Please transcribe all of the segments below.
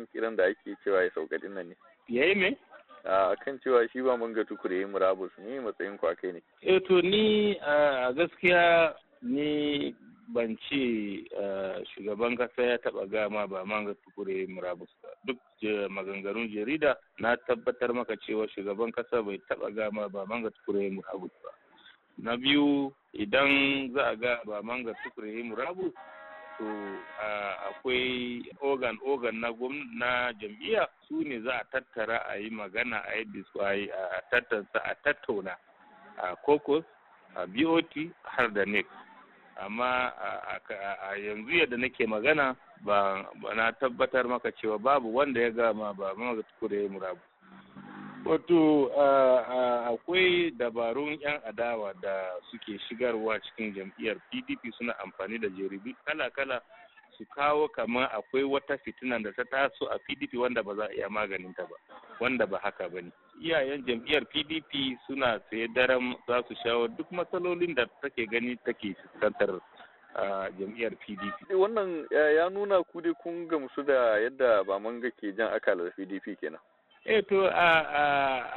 kan kiran da ake cewa ya sauka dinnan ne yayi me a kan cewa shi ba ga tukure murabus ne matsayin ku akai ne eh to ni a gaskiya ni ban ce shugaban kasa ya taba gama ba ga tukure murabus ba duk maganganun jarida na tabbatar maka cewa shugaban kasa bai taba gama ba ga tukure murabus ba na biyu idan za a ga ba ga tukure murabus To akwai organ ogan na na jam'iyya su ne za a tattara a yi magana a yi diswaye a yi a tattauna a caucus a bot har da nec amma a yanzu yadda nake magana ba na tabbatar maka cewa babu wanda ya gama ba ma kure murabu Wato akwai dabarun 'yan adawa da suke shigarwa cikin jam'iyyar PDP suna amfani da jaribi kala-kala su kawo kamar akwai wata fitina da ta taso a PDP wanda ba za a iya maganin ta ba, wanda ba haka ba ne. Iyayen jam'iyyar PDP suna tsaye daren za su shawo duk matsalolin da take gani take fuskantar a jam'iyyar pdp eh, wannan ya nuna ku dai kun gamsu da yadda ba manga ke jan akalar pdp kenan Eto a a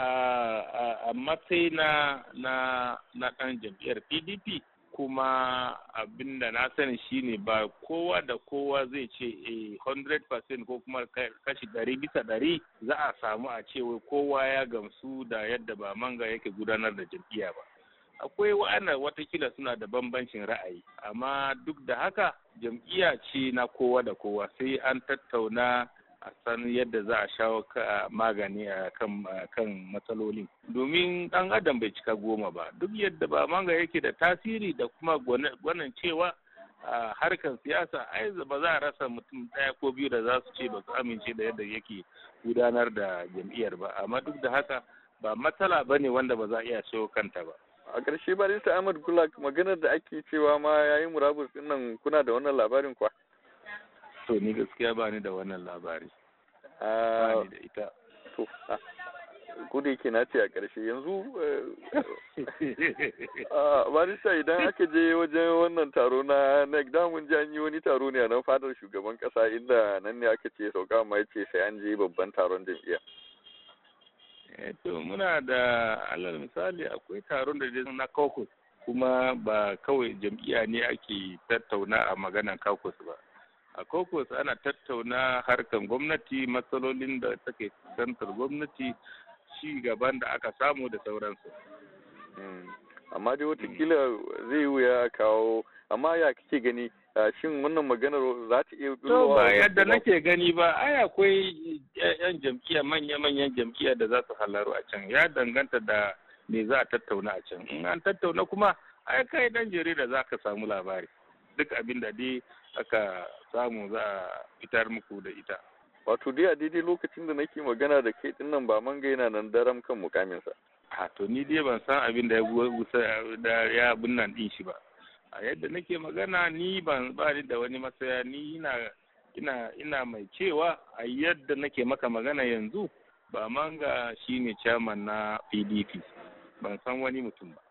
a a matsayi na na na ɗan jam'iyyar pdp kuma abinda na sani shine ba kowa da kowa zai ce a eh, 100% ko kuma kashi ɗari bisa ɗari za a samu a ce wai kowa ya gamsu da yadda ba manga yake gudanar da jam'iyya ba akwai wa'ana watakila suna da bambancin ra'ayi amma duk da haka jam'iyya ce na kowa da kowa sai an tattauna a san yadda za a shawo magani a kan matsalolin domin ɗan adam bai cika goma ba duk yadda ba manga yake da tasiri da kuma gwanin cewa a harkar siyasa ai ba za a rasa mutum ɗaya ko biyu da za su ce ba su amince da yadda yake gudanar da jam'iyyar ba amma duk da haka ba matsala ba ne wanda ba za a iya shawo kanta ba a ƙarshe barista ahmad gulak maganar da ake cewa ma yayin murabus ɗin nan kuna da wannan labarin kwa to ni gaskiya ba ni da wannan labari ah, ba ni da ita to ah, yake na ce a ƙarshe yanzu eh, sa ah, idan aka je wajen wannan taro na nec damun ji an yi wani taro ne a nan fadar shugaban ƙasa inda nan ne aka ce sauka ma ya ce sai an je babban taron jam'iyya eh, to muna da alal misali akwai taron da na caucus kuma ba kawai jam'iyya ne ake tattauna a maganan caucus ba a kokos ana tattauna harkan gwamnati matsalolin da take fuskantar gwamnati ci gaban da aka samu da sauransu hmm. amma dai watakila zai wuya kawo amma ya kike gani shin wannan maganar za ta iya to ba yadda nake gani ba ai akwai yan jam'iyya manya-manyan jam'iyya da za su halaru a can ya danganta da me za a tattauna a can in an tattauna kuma ai kai dan jarida za ka samu labari duk abin da dai aka samu za a fitar muku da ita. Wato dai a daidai lokacin da nake magana da kai din nan ba manga yana nan daram kan mukaminsa. A to ni dai ban san abin da ya gusa da ya nan din shi ba. A yadda nake magana ni ban ba ni da wani masaya ni ina ina ina mai cewa a yadda nake maka magana yanzu ba manga shine chairman na PDP ban san wani mutum ba.